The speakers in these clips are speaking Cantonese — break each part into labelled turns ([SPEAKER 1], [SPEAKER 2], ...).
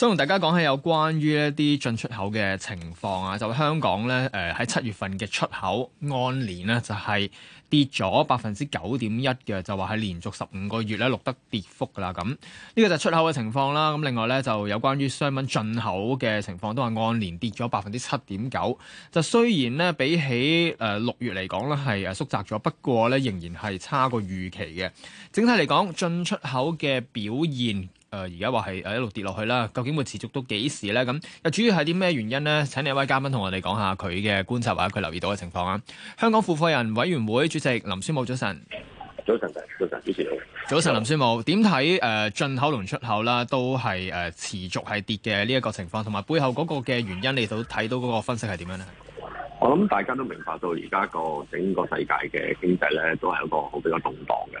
[SPEAKER 1] 想同大家講係有關於一啲進出口嘅情況啊，就香港咧誒喺七月份嘅出口按年咧就係跌咗百分之九點一嘅，就話係連續十五個月咧錄得跌幅啦，咁呢個就出口嘅情況啦。咁另外咧就有關於商品進口嘅情況，都係按年跌咗百分之七點九。就雖然咧比起誒六月嚟講咧係縮窄咗，不過咧仍然係差過預期嘅。整體嚟講，進出口嘅表現。誒，而家話係誒一路跌落去啦，究竟會持續到幾時咧？咁又主要係啲咩原因咧？請你一位嘉賓同我哋講下佢嘅觀察，或者佢留意到嘅情況啊！香港付貨人委員會主席林宣武早晨，早晨，
[SPEAKER 2] 早晨，主持人，
[SPEAKER 1] 早晨。林宣武，點睇誒進口同出口啦？都係誒、呃、持續係跌嘅呢一個情況，同埋背後嗰個嘅原因，你都睇到嗰個分析係點樣咧？
[SPEAKER 2] 我諗大家都明白到而家個整個世界嘅經濟咧，都係一個好比較動盪嘅。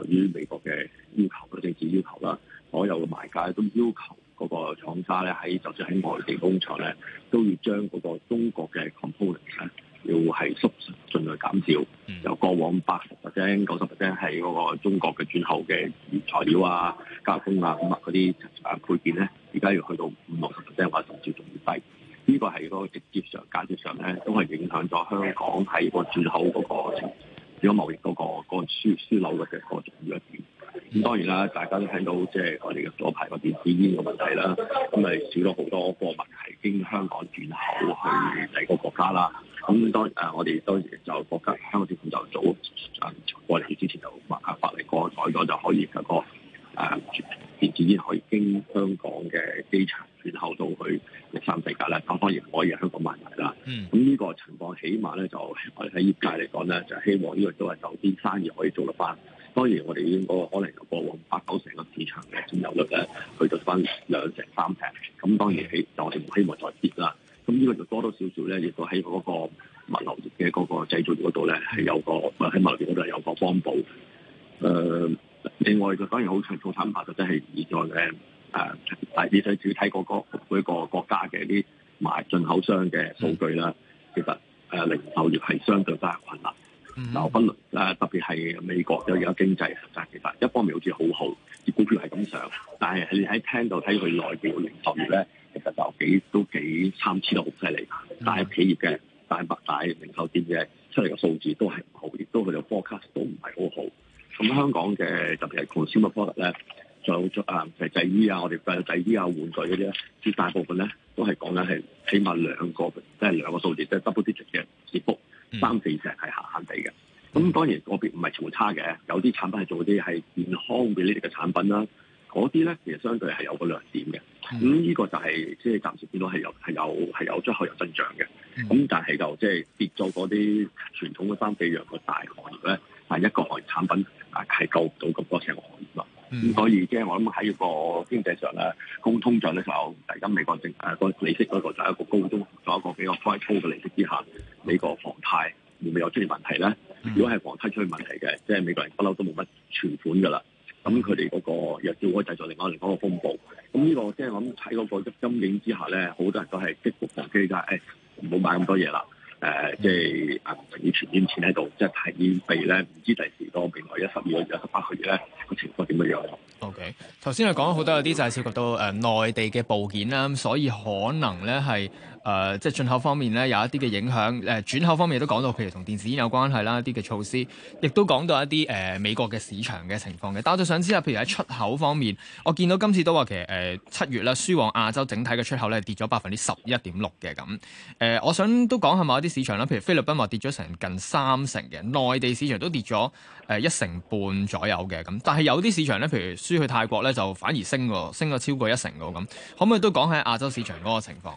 [SPEAKER 2] 由於美國嘅要求，個政治要求啦，所有嘅買家都要求嗰個廠家咧喺，就算喺外地工廠咧，都要將嗰個中國嘅 component 咧，要係縮盡量減少，由過往八十 percent、九十 percent 係嗰個中國嘅轉口嘅原材料啊、加工啊咁啊嗰啲啊配件咧，而家要去到五六十 percent 或甚至仲要低，呢、這個係嗰個直接上、價值上咧，都係影響咗香港喺個轉口嗰個。如果貿易嗰、那個嗰、那個輸輸嘅嘅、那個重要一點，咁當然啦，大家都聽到即係我哋嘅左排個電子煙嘅問題啦，咁咪少咗好多貨物係經香港轉口去第二個國家啦。咁當然、啊、我哋當時就國家香港政府就早誒、啊、過年之前就發發嚟個改改就可以個誒、啊、電子煙可以經香港嘅機場轉口到去。三四格啦，當然可以喺香港買埋啦。咁呢、mm. 個情況起碼咧，就我哋喺業界嚟講咧，就希望呢個都係酒店生意可以做得翻。當然我，我哋應該可能過往八九成嘅市場嘅佔有率咧，去到翻兩成三成。咁當然起就係唔希望再跌啦。咁呢個就多多少少咧，亦都喺嗰個物流業嘅嗰個製造業嗰度咧，係有個喺物流業嗰度係有個幫補。誒、呃，另外嘅當然好強，做品牌就真、是、係意在咧。誒、啊，但係你主要睇嗰個每個國家嘅啲賣進口商嘅數據啦，其實誒零售業係相對真係困難。嗱， 我分論、啊、特別係美國有而家經濟啊，但其實一方面好似好好，股票係咁上，但係你喺聽到睇佢內地嘅零售業咧，其實就幾都幾參差得好犀利。但係企業嘅，但係百大零售店嘅出嚟嘅數字都係唔好，亦都佢哋 forecast 都唔係好好。咁香港嘅特別係 consumer product 咧。有啊，製衣啊，我哋嘅製衣啊、玩具嗰啲咧，絕大部分咧都係講緊係起碼兩個，即係兩個數字，即係 double digit 嘅跌幅，三四成係閒閒哋嘅。咁當然個別唔係全部差嘅，有啲產品係做啲係健康嘅呢啲嘅產品啦，嗰啲咧其實相對係有個亮點嘅。咁呢個就係即係暫時見到係有、係有、係有出口有增長嘅。咁但係就即係跌咗嗰啲傳統嘅三四樣嘅大行業咧，但一個行業產品啊係救唔到咁多成個行業咯。咁、mm hmm. 所以即係我諗喺個經濟上咧，供通脹嘅時候，而家美國政誒個利息嗰個就係一個高中，通，再一個比較高嘅利息之下，美國房貸會唔會有出現問題咧？Mm hmm. 如果係房貸出現問題嘅，即、就、係、是、美國人不嬲都冇乜存款噶啦，咁佢哋嗰個又叫我製作另外一個風暴。咁呢個即係我諗喺嗰個陰影之下咧，好多人都係積穀防饑、是，誒唔好買咁多嘢啦。誒、呃，即係銀行要存點錢喺度，即係係睇備咧，唔知第時個未來一十二個月、十八個月咧個情況點樣樣？
[SPEAKER 1] O K，頭先係講咗好多，有啲就係涉及到誒內、呃、地嘅部件啦，咁所以可能咧係。誒、呃，即係進口方面咧，有一啲嘅影響。誒、呃，轉口方面都講到，譬如同電子煙有關係啦，一啲嘅措施，亦都講到一啲誒、呃、美國嘅市場嘅情況嘅。但我就想知下，譬如喺出口方面，我見到今次都話其實誒七、呃、月咧輸往亞洲整體嘅出口咧跌咗百分之十一點六嘅咁。誒、呃，我想都講下某一啲市場啦，譬如菲律賓話跌咗成近三成嘅，內地市場都跌咗誒一成半左右嘅咁。但係有啲市場咧，譬如輸去泰國咧，就反而升過升咗超過一成嘅咁。可唔可以都講下亞洲市場嗰個情況？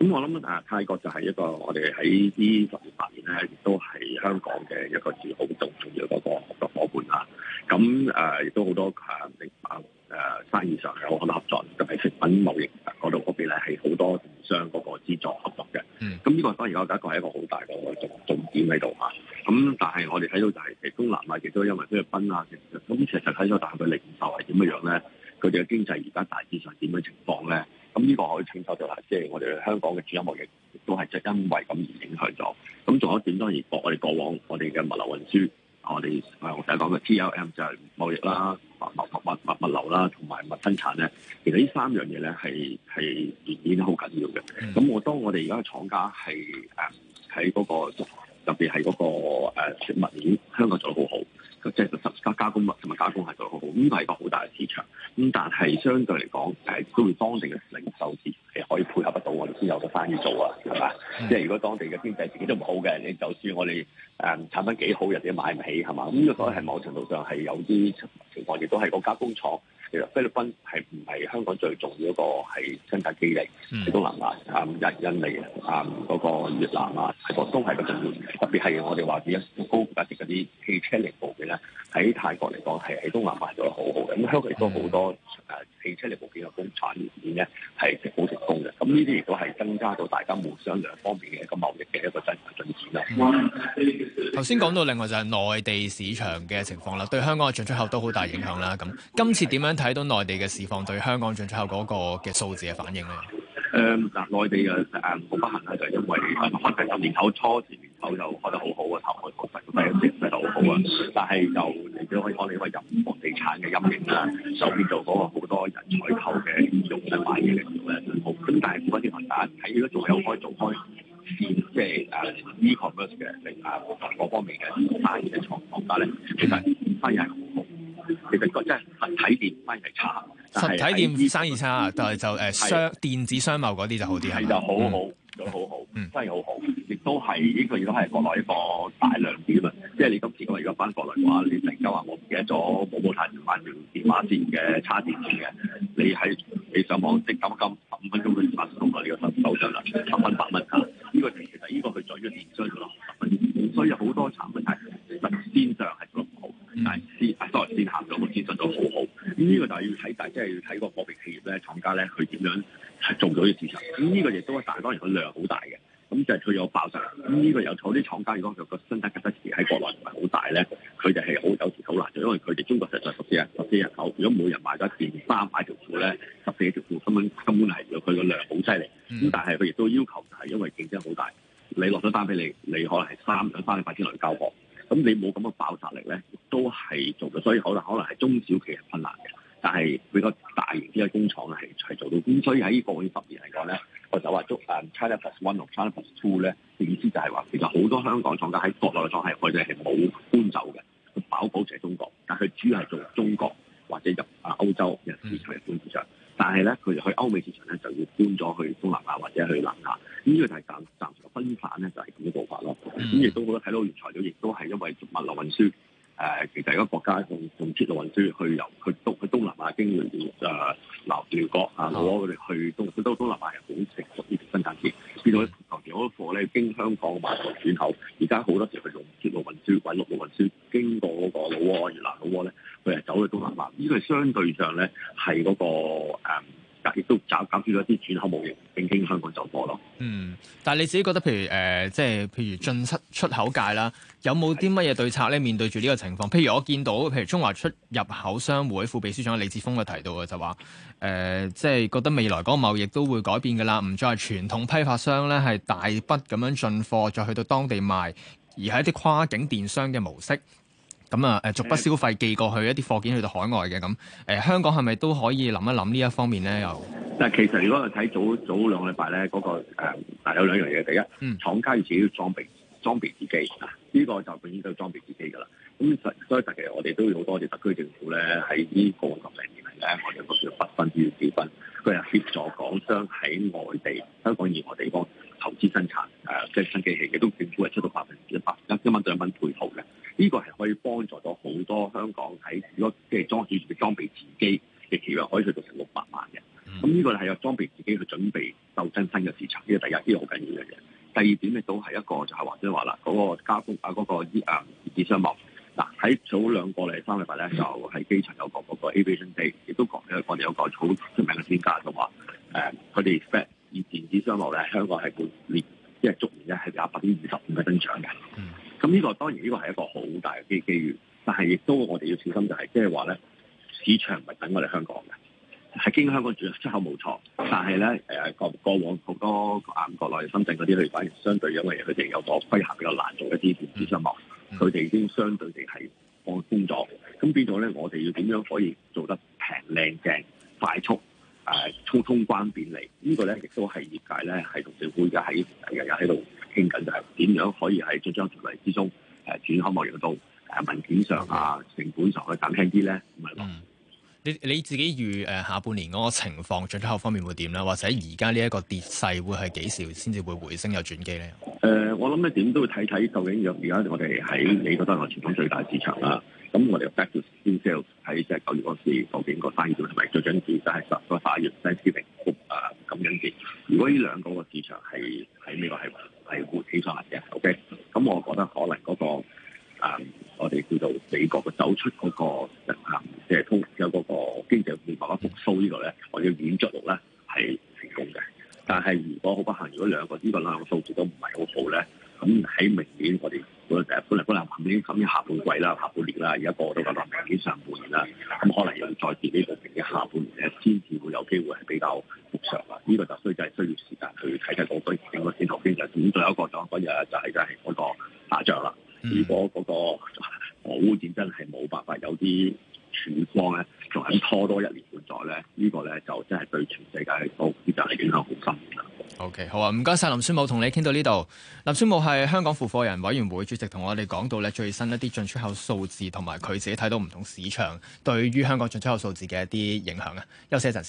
[SPEAKER 2] 咁、嗯、我諗啊，泰國就係一個我哋喺呢十年八年咧，亦都係香港嘅一個至好重重要嗰個合作伙伴啦。咁誒亦都好多誒，誒、呃、生意上有好多合作，特別食品貿易嗰度嗰邊咧係好多電商嗰個資助合作嘅。咁呢、mm. 嗯這個當然我覺得一個係一個好大嘅重重點喺度嚇。咁、嗯、但係我哋睇到就係、是、其東南亞亦都因為菲律賓啊，其實咁其實睇咗大大嘅零售係點樣樣咧，佢哋嘅經濟而家大致上點樣情？音樂業都係正因為咁而影響咗。咁仲有一點當然，我哋過往我哋嘅物流運輸，我哋我成日講嘅 T L M 就係貿易啦、物物物物物流啦，同埋物生產咧。其實呢三樣嘢咧，係係件件都好緊要嘅。咁我、嗯、當我哋而家嘅廠家係誒喺嗰個特別係嗰個誒食物鏈，香港做得好好，即係個十加加工物同埋加工係做得好好。呢咁係一個好大嘅市場。咁但係相對嚟講，誒都會當地嘅零售市。係可以配合得到，我哋先有得翻去做啊，係嘛？即係、嗯、如果當地嘅經濟自己都唔好嘅，你就算我哋誒、嗯、產品幾好，人哋買唔起係嘛？咁所以係某程度上係有啲情況，亦都係個加工廠其實菲律賓係唔係香港最重要一個係生產基地喺東南亞啊、嗯，印尼啊，嗰、嗯那個越南啊，係個都係個重要，特別係我哋話而家高價值嗰啲汽車零部件咧，喺泰國嚟講係喺東南亞做得好好嘅，咁香港亦都好多誒。嗯嗯嗯汽車零部件嗰工產業鏈咧係好成功嘅，咁呢啲亦都係增加到大家互相兩方面嘅一個貿易嘅一個進步進展
[SPEAKER 1] 啦。頭先講到另外就係內地市場嘅情況啦，對香港嘅進出口都好大影響啦。咁今次點樣睇到內地嘅市況對香港進出口嗰個嘅數字嘅反應咧？誒、嗯，
[SPEAKER 2] 嗱、呃，內地嘅誒好不幸啦，就係、是、因為可能十年頭初十年頭就得開就得好開得好啊，頭、嗯、開確實咁計，啲係好好啊，但係就嚟咗可以講，你因為房地產嘅陰影啦，就變做嗰個。採購嘅用嚟買嘢嘅度咧都好，嗯嗯、但係講一啲話打睇，如果仲有開做開線，即係誒 e-commerce 嘅，定誒嗰方面嘅生意嘅廠家咧，其實生意係好，其實個即係實體店生意係差，實體店
[SPEAKER 1] 生意差，但係、嗯、就誒、uh, 商的電子商貿嗰啲就好啲，係就好好，都好、嗯、好，嗯，生意好。都係呢個亦都係國內一個大亮點啊！即係你今次咁話入翻國內嘅話，你成日
[SPEAKER 2] 話，我唔記得咗，某某太換條電話線嘅差電線嘅，你喺你上網上即咁撳十五分鐘，佢發送落你嘅手手上啦，十蚊八蚊嚇。呢個其實呢個佢在咗電商咯，所以有好多產品其實線上係做得唔好，但係先當然線下咗個資訊都好好。咁呢個就係要睇，但係即係要睇個國別企業咧、廠家咧，佢點樣係做到啲市場。咁呢個亦都，但係當然個量好大嘅。咁就係佢有爆炸力，咁呢、嗯嗯、個有坐啲廠家如果佢個身體嘅質時喺國內唔係好大咧，佢就係好有時好難做，因為佢哋中國實在十四人、十四人口，如果每人買咗件衫買條褲咧，十四條褲根本根本係佢個量好犀利。咁但係佢亦都要求就係因為競爭好大，你落咗單俾你，你可能係三兩單嘅發展來交貨。咁、嗯、你冇咁嘅爆炸力咧，都係做嘅。所以可能可能係中小企係困難嘅，但係比較大型啲嘅工廠係係做到。咁所以喺過去十年嚟講咧。我就話捉誒 China Plus One、China Plus Two 咧，意思就係話其實好多香港廠家喺國內嘅廠係佢哋係冇搬走嘅，佢保保持喺中國，但係佢主要係做中國或者入啊歐洲嘅市場嚟搬嘅，但係咧佢哋去歐美市場咧就要搬咗去東南亞或者去南亞，咁呢個就暫暫時分散咧就係咁嘅做法咯。咁亦都好多睇到原材料亦都係因為物流運輸。誒，其實有個國家用用鐵路運輸去由去東去東南亞經由誒南緬哥啊，攞佢哋去東，好多東，東南亞嘢好成熟，這個、呢啲生產線。變到頭前嗰個貨咧經香港買個轉口，而家好多時佢用鐵路運輸、陸路運輸經過嗰個老撾越南老撾咧，佢係走去東南亞。呢個係相對上咧係嗰個。
[SPEAKER 1] 但係你自己覺得，譬如誒、呃，即係譬如進出出口界啦，有冇啲乜嘢對策咧？面對住呢個情況，譬如我見到，譬如中華出入口商會副秘書長李志峰佢提到嘅就話，誒、呃，即係覺得未來嗰個貿易都會改變嘅啦，唔再係傳統批發商咧係大筆咁樣進貨再去到當地賣，而係一啲跨境電商嘅模式。咁啊，誒，逐步消費寄過去一啲貨件去到海外嘅，咁誒，香港係咪都可以諗一諗呢一方面咧？又，
[SPEAKER 2] 但係其實如果我睇早早兩個禮拜咧，嗰、那個誒，嗱、呃、有兩樣嘢，第一，廠、嗯、家自己要裝備裝備自己啊，呢、這個就變咗都要裝備自己噶啦。咁所以其實，我哋都好多謝特區政府咧，喺呢個十零年嚟咧，我哋都叫做不分之小分，佢又協助港商喺外地、香港以外地方投資生產誒、呃，即係新機器亦都政府係出到百分之一百一一蚊兩蚊配套。呢個係可以幫助到好多香港喺如果即係裝住裝備自己嘅企業，可以去到成六百萬嘅。咁、嗯、呢、嗯、個係有裝備自己去準備鬥爭新嘅市場。呢個第一，呢個好緊要嘅嘢。第二點咧，都係一個就係話即係話啦，嗰、就是那個加工、那個、啊，嗰個啊電子商貿嗱喺早兩個禮三禮拜咧，就喺機場有講嗰個 Aviation Day 亦都講咗我哋有個好出名嘅專家就話誒，佢、呃、哋以電子商貿咧，香港係每年即係逐年咧係有百分之二十五嘅增長嘅。呢、這個當然呢個係一個好大嘅機機遇，但係亦都我哋要小心就係、是，即係話咧，市場唔係等我哋香港嘅，係經香港主要出口冇錯，但係咧誒過過往好多亞亞國內深圳嗰啲反而相對因為佢哋有個規限比較難做一啲電子商務，佢哋、嗯嗯、已經相對地係放鬆咗。咁變咗咧我哋要點樣可以做得平靚正快速？誒通、啊、通關便利、這個、呢個咧，亦都係業界咧係同政府嘅喺日日喺度傾緊，人人談談就係、是、點樣可以喺進張條例之中誒，轉口貿易到誒文件上啊成本上去減輕啲咧。
[SPEAKER 1] 嗯，你你自己預誒、呃、下半年嗰個情況，進出口方面會點咧？或者而家呢一個跌勢會係幾時先至會回升有轉機咧？誒、呃，
[SPEAKER 2] 我諗咧點都會睇睇，究竟若而家我哋喺你覺得我傳統最大市場啦。咁我哋嘅 back to retail 喺即係九月嗰時究竟個生意量同埋最緊要就係十個八月即係持平啊咁緊要。如果呢兩個個市場係係咩話係係活起上嚟嘅，OK。咁我覺得可能嗰個啊我哋叫做美國嘅走出嗰個啊即係通有嗰個經濟慢慢復甦呢個咧，我哋要軟著陸咧係成功嘅。但係如果好不幸，如果兩個呢個啦個數字都唔係好好咧，咁喺明年我哋。 已經咁於下半年啦、下半年啦，而家過到咁多明年上半年啦，咁可能要再自己個明年下半年咧，先至會有機會係比較復常啊！呢個就需真係需要時間去睇睇出，所以先頭先就咁，最後一個講嗰日就係真係嗰個下降啦。如果嗰個核污染真係冇辦法有啲曙光咧，仲肯拖多一年半載咧，呢個咧就真係對全世界都經濟係影響好深。
[SPEAKER 1] O.K. 好啊，唔該曬林宣武，同你傾到呢度。林宣武係香港付貨人委員會主席，同我哋講到咧最新一啲進出口數字，同埋佢自己睇到唔同市場對於香港進出口數字嘅一啲影響啊。休息一陣。